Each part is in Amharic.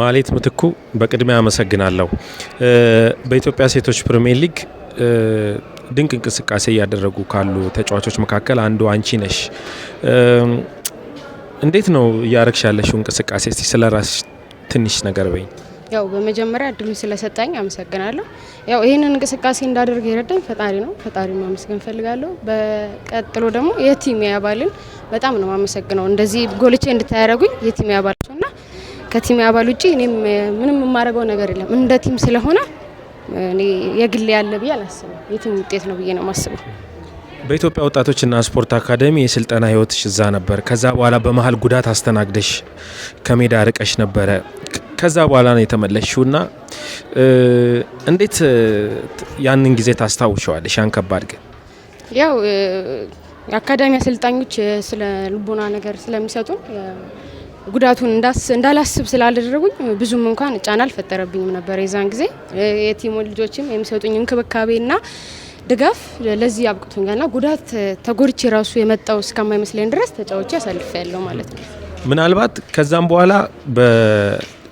ማሌት ምትኩ በቅድሚያ አመሰግናለሁ። በኢትዮጵያ ሴቶች ፕሪሚየር ሊግ ድንቅ እንቅስቃሴ እያደረጉ ካሉ ተጫዋቾች መካከል አንዱ አንቺ ነሽ። እንዴት ነው እያረግሽ ያለሽው እንቅስቃሴ? እስቲ ስለ ራስሽ ትንሽ ነገር በኝ። ያው በመጀመሪያ እድሉን ስለሰጣኝ አመሰግናለሁ። ያው ይህንን እንቅስቃሴ እንዳደርግ የረዳኝ ፈጣሪ ነው። ፈጣሪ ማመስገን ፈልጋለሁ። በቀጥሎ ደግሞ የቲም ያባልን በጣም ነው ማመሰግነው። እንደዚህ ጎልቼ እንድታያረጉኝ የቲም ያባል ከቲም አባል ውጭ እኔም ምንም የማደርገው ነገር የለም። እንደ ቲም ስለሆነ እኔ የግል ያለ ብዬ አላስብም። የቲም ውጤት ነው ብዬ ነው የማስበው። በኢትዮጵያ ወጣቶችና ስፖርት አካደሚ የስልጠና ህይወትሽ እዛ ነበር። ከዛ በኋላ በመሀል ጉዳት አስተናግደሽ ከሜዳ ርቀሽ ነበረ። ከዛ በኋላ ነው የተመለሽው እና እንዴት ያንን ጊዜ ታስታውሸዋለሽ? ያን ከባድ ግን ያው የአካዳሚ አሰልጣኞች ስለ ልቦና ነገር ስለሚሰጡን ጉዳቱን እንዳላስብ ስላልደረጉኝ ብዙም እንኳን ጫና አልፈጠረብኝም ነበር። የዛን ጊዜ የቲሞ ልጆችም የሚሰጡኝ እንክብካቤና ድጋፍ ለዚህ አብቅቶኛልና ጉዳት ተጎድቼ ራሱ የመጣው እስከማይመስለኝ ድረስ ተጫዎች አሳልፍ ያለው ማለት ነው። ምናልባት ከዛም በኋላ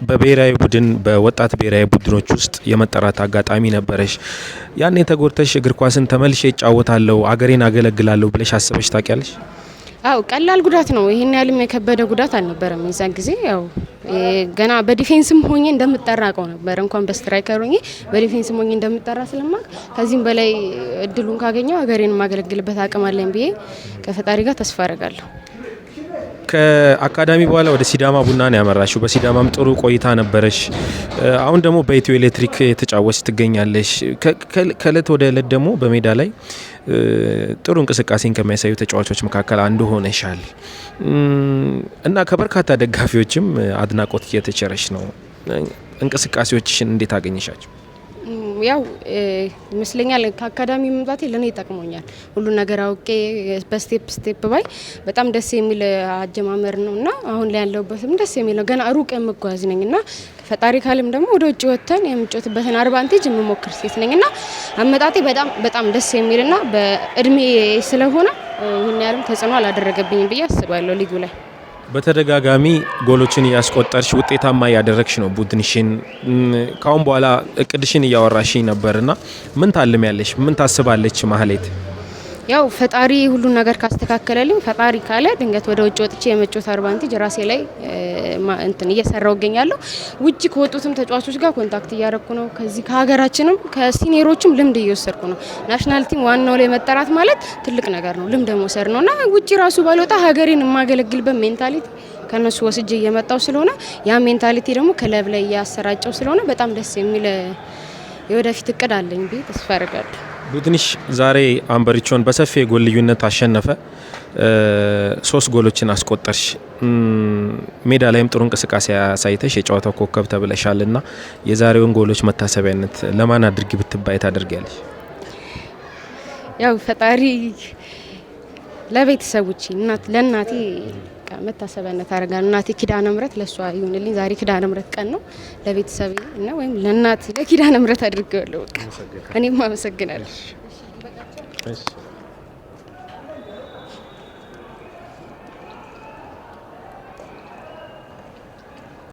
በብሔራዊ ቡድን በወጣት ብሔራዊ ቡድኖች ውስጥ የመጠራት አጋጣሚ ነበረሽ። ያኔ ተጎድተሽ እግር ኳስን ተመልሼ እጫወታለሁ፣ አገሬን አገለግላለሁ ብለሽ አስበሽ ታውቂያለሽ? አው ቀላል ጉዳት ነው። ይሄን ያህልም የከበደ ጉዳት አልነበረም። የዛን ጊዜ ያው ገና በዲፌንስም ሆኜ እንደምጠራ ነበር እንኳን በስትራይከር ሆኜ በዲፌንስም ሆኜ እንደምጠራ ስለማቅ ከዚህም በላይ እድሉን ካገኘው ሀገሬን ማገለግልበት አቅም አለኝ ብዬ ከፈጣሪ ጋር ተስፋ አረጋለሁ። ከአካዳሚ በኋላ ወደ ሲዳማ ቡና ነው ያመራሽው። በሲዳማም ጥሩ ቆይታ ነበረሽ። አሁን ደግሞ በኢትዮ ኤሌክትሪክ የተጫወች ትገኛለሽ። ከእለት ወደ እለት ደግሞ በሜዳ ላይ ጥሩ እንቅስቃሴን ከሚያሳዩ ተጫዋቾች መካከል አንዱ ሆነሻል እና ከበርካታ ደጋፊዎችም አድናቆት እየተቸረሽ ነው። እንቅስቃሴዎችሽን እንዴት አገኘሻቸው? ያው ይመስለኛል ከአካዳሚ መምጣቴ ለእኔ ይጠቅሞኛል። ሁሉን ነገር አውቄ በስቴፕ ስቴፕ ባይ በጣም ደስ የሚል አጀማመር ነው እና አሁን ላይ ያለሁበትም ደስ የሚል ነው። ገና ሩቅ የምጓዝ ነኝ እና ፈጣሪ ካለም ደግሞ ወደ ውጭ ወጥተን የምጮትበትን አርባንቴጅ የምሞክር ሴት ነኝ እና አመጣጤ በጣም በጣም ደስ የሚል እና በእድሜ ስለሆነ ይህን ያህልም ተጽዕኖ አላደረገብኝም ብዬ አስባለሁ ሊጉ ላይ በተደጋጋሚ ጎሎችን እያስቆጠርሽ ውጤታማ እያደረግሽ ነው ቡድንሽን። ካሁን በኋላ እቅድሽን እያወራሽ ነበርና ምን ታልም ያለሽ ምን ታስባለች ማህሌት? ያው ፈጣሪ ሁሉን ነገር ካስተካከለልኝ ፈጣሪ ካለ ድንገት ወደ ውጭ ወጥቼ የመጮት አድቫንቴጅ ራሴ ላይ እንትን እየሰራው እገኛለሁ። ውጭ ከወጡትም ተጫዋቾች ጋር ኮንታክት እያረኩ ነው። ከዚህ ከሀገራችንም ከሲኒየሮችም ልምድ እየወሰድኩ ነው። ናሽናል ቲም ዋናው ላይ መጠራት ማለት ትልቅ ነገር ነው፣ ልምድ መውሰድ ነው እና ውጭ ራሱ ባልወጣ ሀገሬን የማገለግልበት ሜንታሊቲ ከነሱ ወስጄ እየመጣው ስለሆነ ያ ሜንታሊቲ ደግሞ ክለብ ላይ እያሰራጨው ስለሆነ በጣም ደስ የሚል የወደፊት እቅድ አለኝ ብዬ ተስፋ አደርጋለሁ። ቡድንሽ ዛሬ አንበሪቾን በሰፊ የጎል ልዩነት አሸነፈ። ሶስት ጎሎችን አስቆጠርሽ። ሜዳ ላይም ጥሩ እንቅስቃሴ አሳይተሽ የጨዋታው ኮከብ ተብለሻል እና የዛሬውን ጎሎች መታሰቢያነት ለማን አድርጊ ብትባይ ታደርጊያለሽ? ያው ፈጣሪ ለቤተሰቦቼ ለእናቴ መታሰቢያነት አደርጋለሁ። እናቴ ኪዳነ ምሕረት ለእሷ ይሁንልኝ። ዛሬ ኪዳነ ምሕረት ቀን ነው። ለቤተሰብ እና ወይም ለእናት ለኪዳነ ምሕረት አድርጌዋለሁ። በቃ እኔም አመሰግናለሁ።